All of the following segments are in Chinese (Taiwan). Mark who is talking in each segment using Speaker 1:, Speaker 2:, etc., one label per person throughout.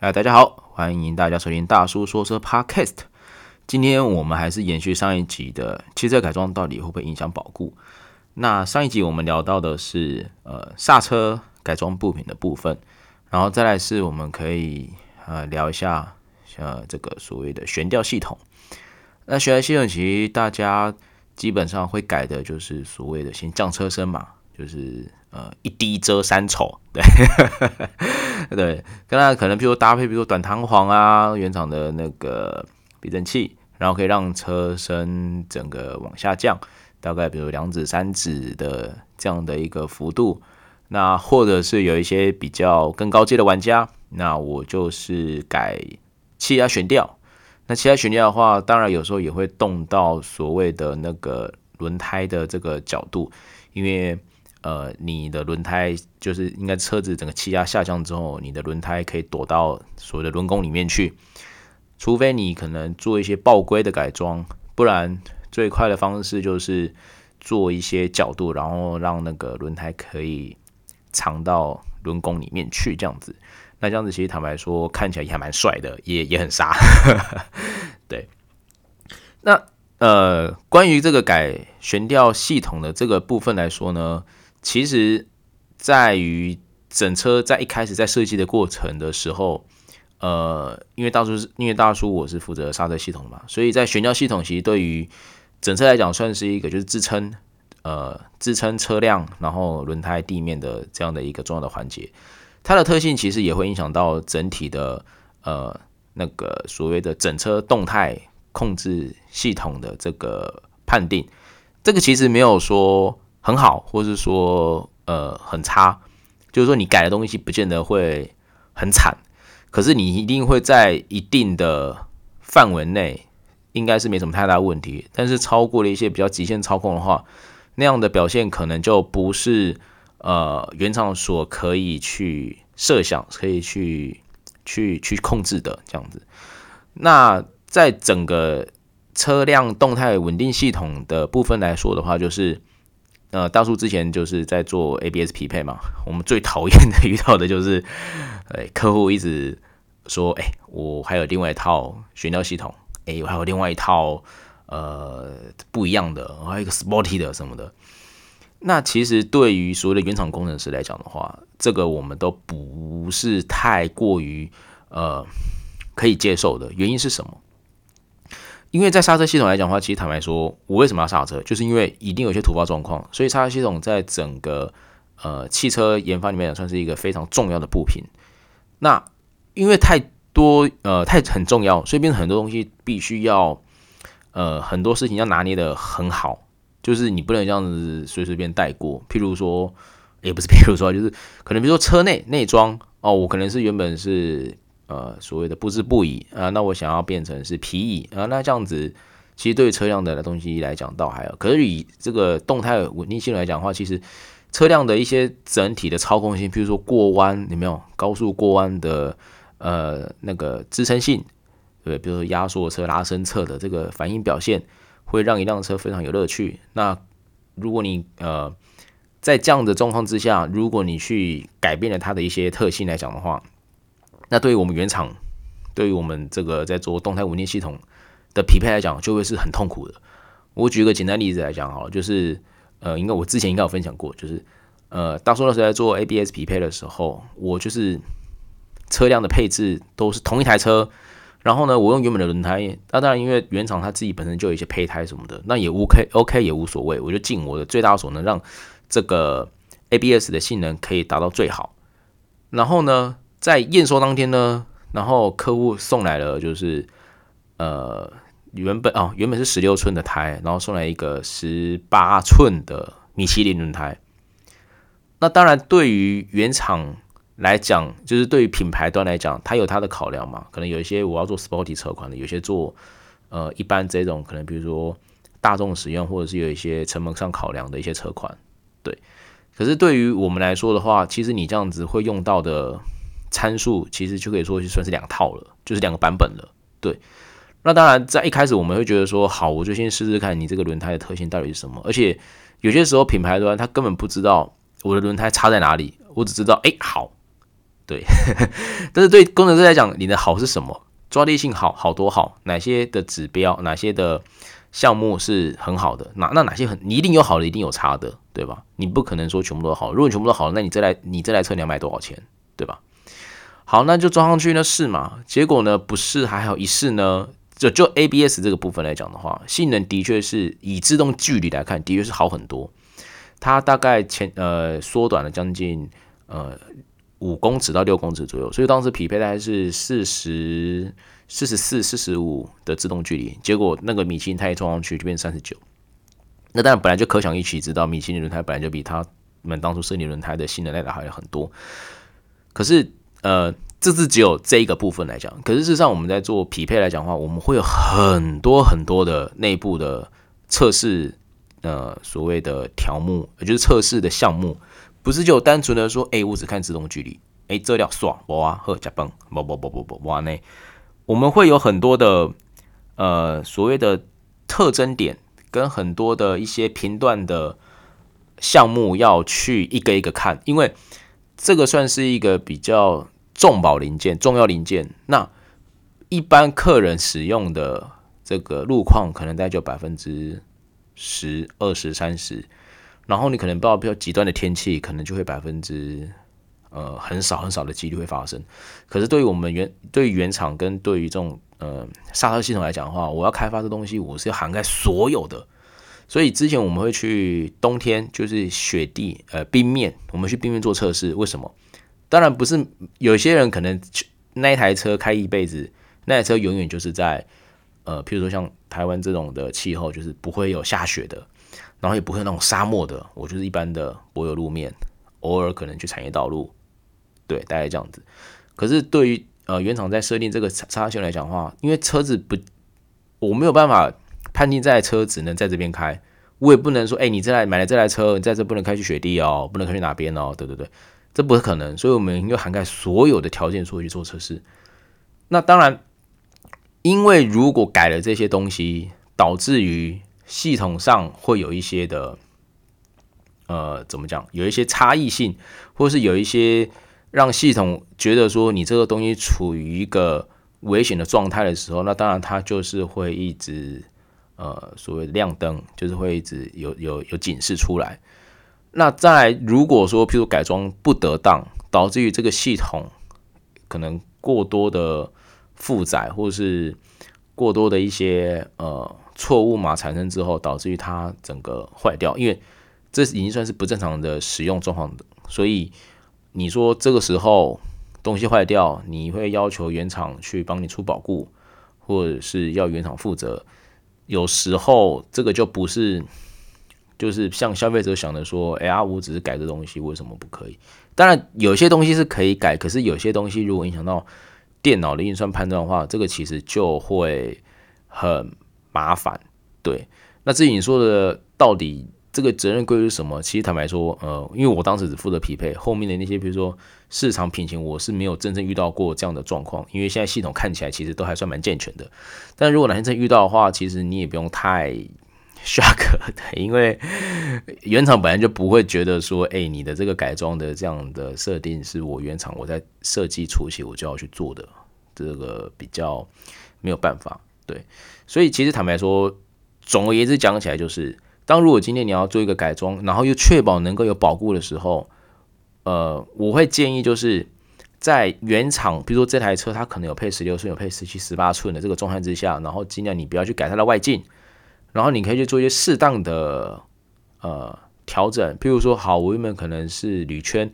Speaker 1: 哎，大家好，歡迎大家收聽大叔說車 Podcast。今天我們還是延續上一集的汽車改裝到底會不會影響保固？那上一集我們聊到的是呃剎車改裝部品的部分，然後再來是我們可以呃聊一下像這個所謂的懸吊系統。那懸吊系統其實大家基本上會改的就是所謂的先降車身嘛，就是呃一低遮三醜，對。 對，當然可能，比如搭配，比如短彈簧啊，原廠的那個避震器，然後可以讓車身整個往下降，大概比如兩指三指的這樣的一個幅度。那或者是有一些比較更高階的玩家，那我就是改氣壓懸吊。那氣壓懸吊的話，當然有時候也會動到所謂的那個輪胎的這個角度，因為。呃，你的輪胎就是應該車子整個氣壓下降之後，你的輪胎可以躲到所謂的輪拱裡面去，除非你可能做一些暴龜的改裝，不然最快的方式就是做一些角度，然後讓那個輪胎可以藏到輪拱裡面去。這樣子，那這樣子其實坦白說，看起來也還蠻帥的，也也很殺。 對，那呃，關於這個改懸吊系統的這個部分來說呢？其實，在於整車在一開始在設計的過程的時候，呃，因為大叔，因為大叔我是負責剎車系統嘛，所以在懸吊系統其實對於整車來講，算是一個就是支撐，呃，支撐車輛，然後輪胎地面的這樣的一個重要的環節。它的特性其實也會影響到整體的呃，那個所謂的整車動態控制系統的這個判定。這個其實沒有說。很好，或是說，呃，很差，就是說你改的東西不見得會很慘，可是你一定會在一定的範圍內，應該是沒什麼太大問題。但是超過了一些比較極限操控的話，那樣的表現可能就不是呃原廠所可以去設想、可以去去去控制的這樣子。那在整個車輛動態穩定系統的部分來說的話，就是。呃，大叔之前就是在做 ABS 匹配嘛。我們最討厭的遇到的就是，哎、欸，客戶一直說，哎、欸，我還有另外一套懸吊系統，哎、欸，我還有另外一套呃不一樣的，我還有一個 sporty 的什麼的。那其實對於所謂的原廠工程師來講的話，這個我們都不是太過於呃可以接受的。原因是什麼？因為在剎車系統來講的話，其實坦白說，我為什麼要剎車？就是因為一定有一些突發狀況，所以剎車系統在整個呃汽車研發裡面也算是一個非常重要的部品。那因為太多呃太很重要，所以變成很多東西必須要呃很多事情要拿捏得很好，就是你不能這樣子隨隨便帶過。譬如說，也不是譬如說，就是可能比如說車內內裝哦，我可能是原本是。呃，所謂的不知不疑啊，那我想要變成是皮椅啊，那這樣子其實對車輛的東西來講倒還好，可是以這個動態穩定性來講的話，其實車輛的一些整體的操控性，比如說過彎，有沒有高速過彎的呃那個支撐性？對不對？比如說壓縮車拉伸車的這個反應表現，會讓一輛車非常有樂趣。那如果你呃在這樣的狀況之下，如果你去改變了它的一些特性來講的話，那對於我們原廠，對於我們這個在做動態穩定系統的匹配來講，就會是很痛苦的。我舉一個簡單例子來講哈，就是呃，應該我之前應該有分享過，就是呃，當初那時候在做 ABS 匹配的時候，我就是車輛的配置都是同一台車，然後呢，我用原本的輪胎，那、啊、當然因為原廠它自己本身就有一些配胎什麼的，那也 OK OK 也無所謂，我就盡我的最大所能讓這個 ABS 的性能可以達到最好，然後呢，在驗收當天呢，然後客戶送來了，就是呃原本啊、哦、原本是十六寸的胎，然後送來一個十八寸的米其林輪胎。那當然，對於原廠來講，就是對於品牌端來講，它有它的考量嘛。可能有一些我要做 sporty 車款的，有些做呃一般這種可能，比如說大眾使用，或者是有一些成本上考量的一些車款，對。可是對於我們來說的話，其實你這樣子會用到的。參數其實就可以說是算是兩套了，就是兩個版本了。對，那當然在一開始我們會覺得說，好，我就先試試看你這個輪胎的特性到底是什麼？而且有些時候品牌端他根本不知道我的輪胎差在哪裡，我只知道哎，好，對。 但是對工程師來講，你的好是什麼？抓地性好，好多好，哪些的指標，哪些的項目是很好的？哪那哪些很？你一定有好的，一定有差的，對吧？你不可能說全部都好。如果全部都好，那你這台你這台車你要賣多少錢，對吧？好，那就裝上去呢試嘛，結果呢不是還好，還有一試呢？就就 ABS 這個部分來講的話，性能的確是以制動距離來看，的確是好很多。它大概前呃縮短了將近呃五公尺到六公尺左右，所以當時匹配大概 40, 44, 45的還是四十四十四四十五的制動距離。結果那個米其林胎一裝上去就變三十九。那當然本來就可想而知，知道米其林輪胎本來就比他們當初設計輪胎的性能來還要很多。可是。呃，這是只有這一個部分來講。可是事實上，我們在做匹配來講的話，我們會有很多很多的內部的測試，呃，所謂的條目，也就是測試的項目，不是就單純的說，哎，我只看自動距離，哎，遮掉，唰，啊呵，假崩，不不不不不不，哇內，我們會有很多的，呃，所謂的特徵點，跟很多的一些頻段的項目要去一個一個看，因為。這個算是一個比較重保零件，重要零件。那一般客人使用的這個路況，可能大概就百分之十、二十、三十。然後你可能包括比較極端的天氣，可能就會百分之呃很少很少的幾率會發生。可是對於我們原對於原廠跟對於這種呃剎車系統來講的話，我要開發的東西，我是要涵蓋所有的。所以之前我們會去冬天就是雪地，呃冰面，我們去冰面做測試。為什麼？當然不是，有些人可能去那一台車開一輩子，那台車永遠就是在，呃，譬如說像台灣這種的氣候，就是不會有下雪的，然後也不會那種沙漠的。我就是一般的柏油路面，偶爾可能去產業道路，對，大概這樣子。可是對於呃原廠在設定這個車車型來講的話，因為車子不，我沒有辦法。判定，這台車只能在這邊開，我也不能說，哎、欸，你這台買了這台車，你在這不能開去雪地哦，不能開去哪邊哦，對對對，這不是可能。所以，我們應該涵蓋所有的條件，說去做測試。那當然，因為如果改了這些東西，導致於系統上會有一些的，呃，怎麼講，有一些差異性，或是有一些讓系統覺得說你這個東西處於一個危險的狀態的時候，那當然它就是會一直。呃，所謂亮燈就是會一直有有有警示出來。那再如果說譬如說改裝不得當，導致於這個系統可能過多的負載或是過多的一些呃錯誤碼產生之後，導致於它整個壞掉，因為這已經算是不正常的使用狀況的。所以你說這個時候東西壞掉，你會要求原廠去幫你出保固，或者是要原廠負責？有時候這個就不是，就是像消費者想的說，哎，我只是改個東西，為什麼不可以？當然有些東西是可以改，可是有些東西如果影響到電腦的運算判斷的話，這個其實就會很麻煩。對，那至於你說的到底。這個責任歸於什麼？其實坦白說，呃，因為我當時只負責匹配後面的那些，比如說市場品型，我是沒有真正遇到過這樣的狀況。因為現在系統看起來其實都還算蠻健全的。但如果哪天真遇到的話，其實你也不用太 shock 的，因為原廠本來就不會覺得說，哎，你的這個改裝的這樣的設定是我原廠我在設計初期我就要去做的，這個比較沒有辦法。對，所以其實坦白說，總而言之講起來就是。當如果今天你要做一個改裝，然後又確保能夠有保固的時候，呃，我會建議就是在原廠，比如說這台車它可能有配16寸、有配17、18寸的這個狀態之下，然後盡量你不要去改它的外徑，然後你可以去做一些適當的呃調整，譬如說，好，我原本可能是鋁圈，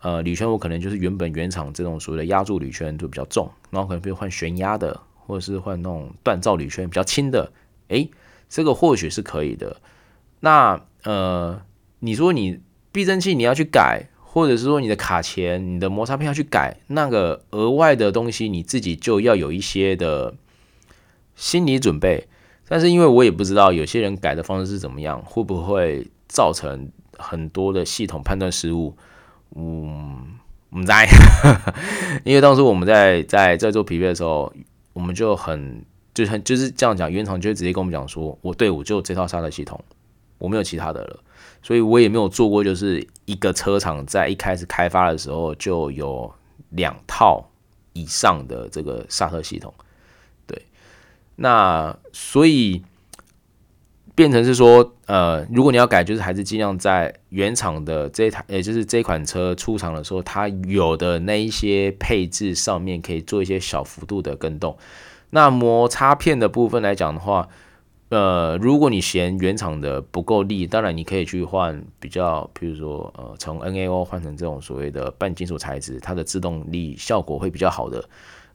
Speaker 1: 呃，鋁圈我可能就是原本原廠這種所謂的壓鑄鋁圈就比較重，然後可能比如換旋壓的，或者是換那種鍛造鋁圈比較輕的，哎，這個或許是可以的。那呃，你說你避震器你要去改，或者是說你的卡鉗、你的摩擦片要去改，那個額外的東西你自己就要有一些的心理準備。但是因為我也不知道有些人改的方式是怎麼樣，會不會造成很多的系統判斷失誤，嗯，我們在哈哈， 因為當時我們在在在做匹配的時候，我們就很就是就是這樣講，原廠就會直接跟我們講說，我對我就這套剎車系統。我沒有其他的了，所以我也沒有做過，就是一個車廠在一開始開發的時候就有兩套以上的這個剎車系統，對，那所以變成是說，呃，如果你要改，就是還是儘量在原廠的這台，也就是這款車出廠的時候，它有的那一些配置上面可以做一些小幅度的更動。那摩擦片的部分來講的話，呃，如果你嫌原廠的不夠力，當然你可以去換比較，比如說，呃，從 N A O 換成這種所謂的半金屬材質，它的製動力效果會比較好的。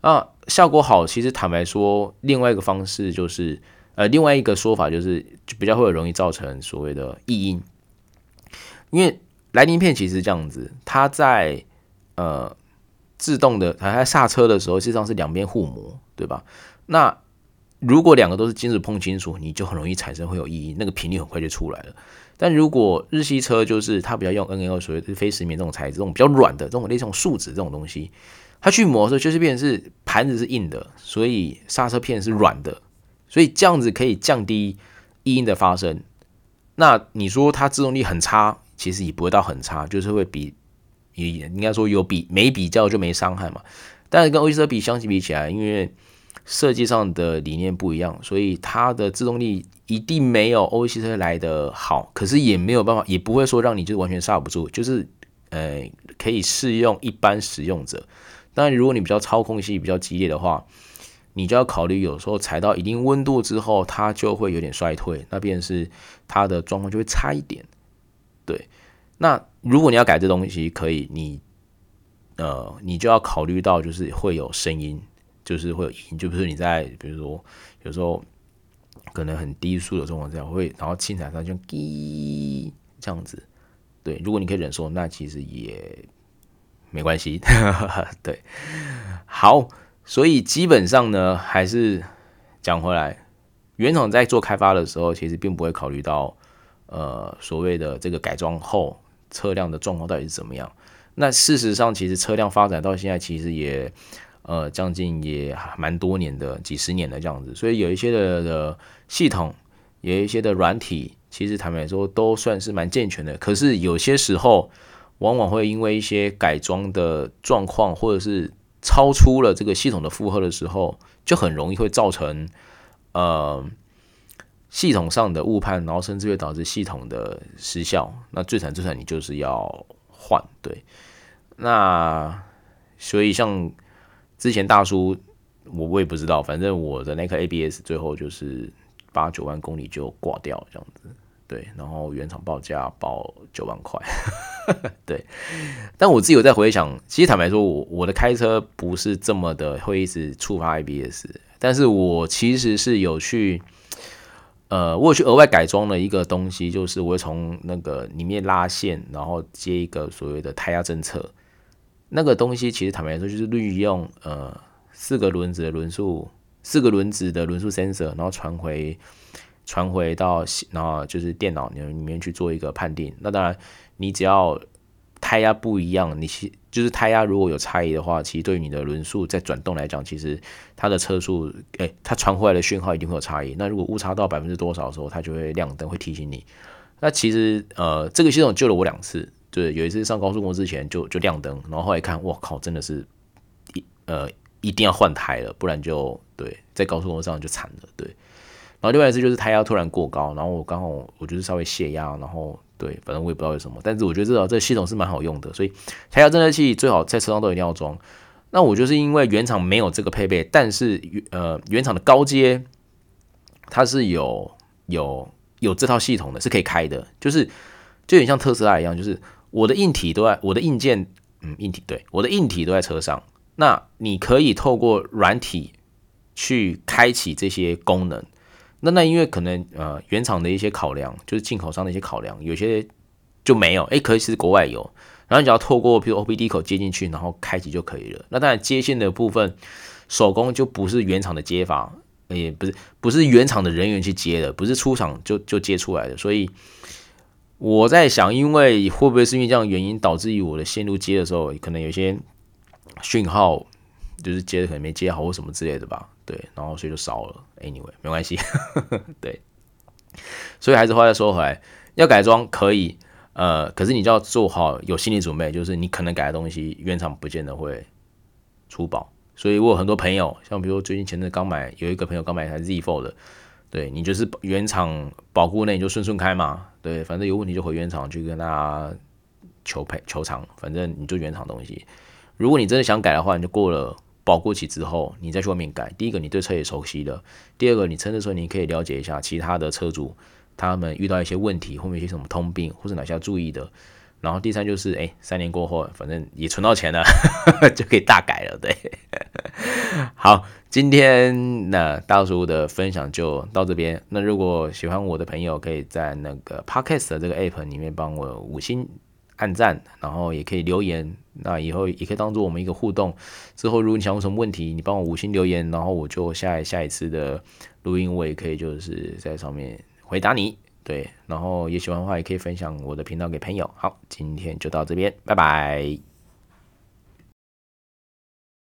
Speaker 1: 那、啊、效果好，其實坦白說，另外一個方式就是，呃，另外一個說法就是，就比較會容易造成所謂的異音，因為來令片其實是這樣子，它在呃制動的，它在剎車的時候，實際上是兩邊互磨，對吧？那。如果兩個都是金屬碰金屬，你就很容易產生會有異音，那個頻率很快就出來了。但如果日系車就是它比較用 NAO 所謂非石棉這種材質，這種比較軟的這種類似樹脂這種東西，它去磨的時候就是變成是盤子是硬的，所以剎車片是軟的，所以這樣子可以降低異音的發生。那你說它制動力很差，其實也不會到很差，就是會比也應該說有比沒比較就沒傷害嘛。但是跟歐系車比相比比起來，因為設計上的理念不一樣，所以它的制動力一定沒有歐系車來的好。可是也沒有辦法，也不會說讓你就完全剎不住，就是呃可以適用一般使用者。但如果你比較操控性比較激烈的話，你就要考慮有時候踩到一定溫度之後，它就會有點衰退，那便是它的狀況就會差一點。對，那如果你要改這東西，可以，你呃你就要考慮到就是會有聲音。就是會有就比如你在，比如說有時候可能很低速的狀況下會，然後輕踩上就滴這樣子。對，如果你可以忍受，那其實也沒關係。 對，好，所以基本上呢，還是講回來，原廠在做開發的時候，其實並不會考慮到呃所謂的這個改裝後車輛的狀況到底是怎麼樣。那事實上，其實車輛發展到現在，其實也。呃，將近也還蠻多年的，幾十年的這樣子，所以有一些的的系統，有一些的軟體，其實坦白來說都算是蠻健全的。可是有些時候，往往會因為一些改裝的狀況，或者是超出了這個系統的負荷的時候，就很容易會造成呃系統上的誤判，然後甚至會導致系統的失效。那最慘最慘，你就是要換。對，那所以像。之前大叔，我我也不知道，反正我的那顆 ABS 最後就是八九萬公里就掛掉這樣子，對，然後原廠報價報九萬塊， 對。但我自己有在回想，其實坦白說，我我的開車不是這麼的會一直觸發 ABS，但是我其實是有去，呃，我有去額外改裝了一個東西，就是我會從那個裡面拉線，然後接一個所謂的胎壓偵測。那個東西其實坦白來說，就是利用呃四個輪子的輪速，四個輪子的輪速 sensor，然後傳回傳回到然後就是電腦裡裡面去做一個判定。那當然，你只要胎壓不一樣，你其就是胎壓如果有差異的話，其實對於你的輪速在轉動來講，其實它的車速，哎、欸，它傳回來的訊號一定會有差異。那如果誤差到百分之多少的時候，它就會亮燈，會提醒你。那其實呃，這個系統救了我兩次。對，有一次上高速公路之前就就亮燈，然後後來看，我靠，真的是一呃，一定要換胎了，不然就對在高速公路上就慘了。對，然後另外一次就是胎壓突然過高，然後我剛好我就是稍微洩壓，然後對，反正我也不知道為什麼，但是我覺得這套這系統是蠻好用的，所以胎壓偵測器最好在車上都一定要裝。那我就是因為原廠沒有這個配備，但是呃原廠的高階它是有有有這套系統的，是可以開的，就是就有點像特斯拉一樣，就是。我的硬體都在我的硬件，嗯，硬體對我的硬體都在車上。那你可以透過軟體去開啟這些功能。那那因為可能呃原廠的一些考量，就是進口商的一些考量，有些就沒有。哎、欸，可以，其實國外有。然後你只要透過比如 OBD 口接進去，然後開啟就可以了。那當然接線的部分，手工就不是原廠的接法，也不是不是原廠的人員去接的，不是出廠就就接出來的，所以。我在想，因為會不會是因為這樣原因導致於我的線路接的時候，可能有些訊號就是接的可能沒接好或什麼之類的吧？對，然後所以就燒了。Anyway，沒關係。 對，所以還是話再說回來，要改裝可以，呃，可是你就要做好有心理準備，就是你可能改的東西，原廠不見得會出保。所以我有很多朋友，像比如說最近前陣剛買有一個朋友剛買一台 Z4 的。對，你就是原廠保固，那你就順順開嘛，對，反正有問題就回原廠去跟他求賠求償，反正你就原廠東西。如果你真的想改的話，你就過了保固期之後，你再去外面改。第一個你對車也熟悉了，第二個你趁這時候你可以了解一下其他的車主他們遇到一些問題，後面一些什麼通病或者哪些要注意的，然後第三就是哎，三年過後反正也存到錢了 就可以大改了，對，好。今天那大叔的分享就到這邊。那如果喜歡我的朋友，可以在那個 podcast 的這個 app 裡面幫我五星按贊，然後也可以留言。那以後也可以當做我們一個互動。之後如果你想有什麼問題，你幫我五星留言，然後我就下一下一次的錄音，我也可以就是在上面回答你。對，然後也喜歡的話，也可以分享我的頻道給朋友。好，今天就到這邊，拜拜。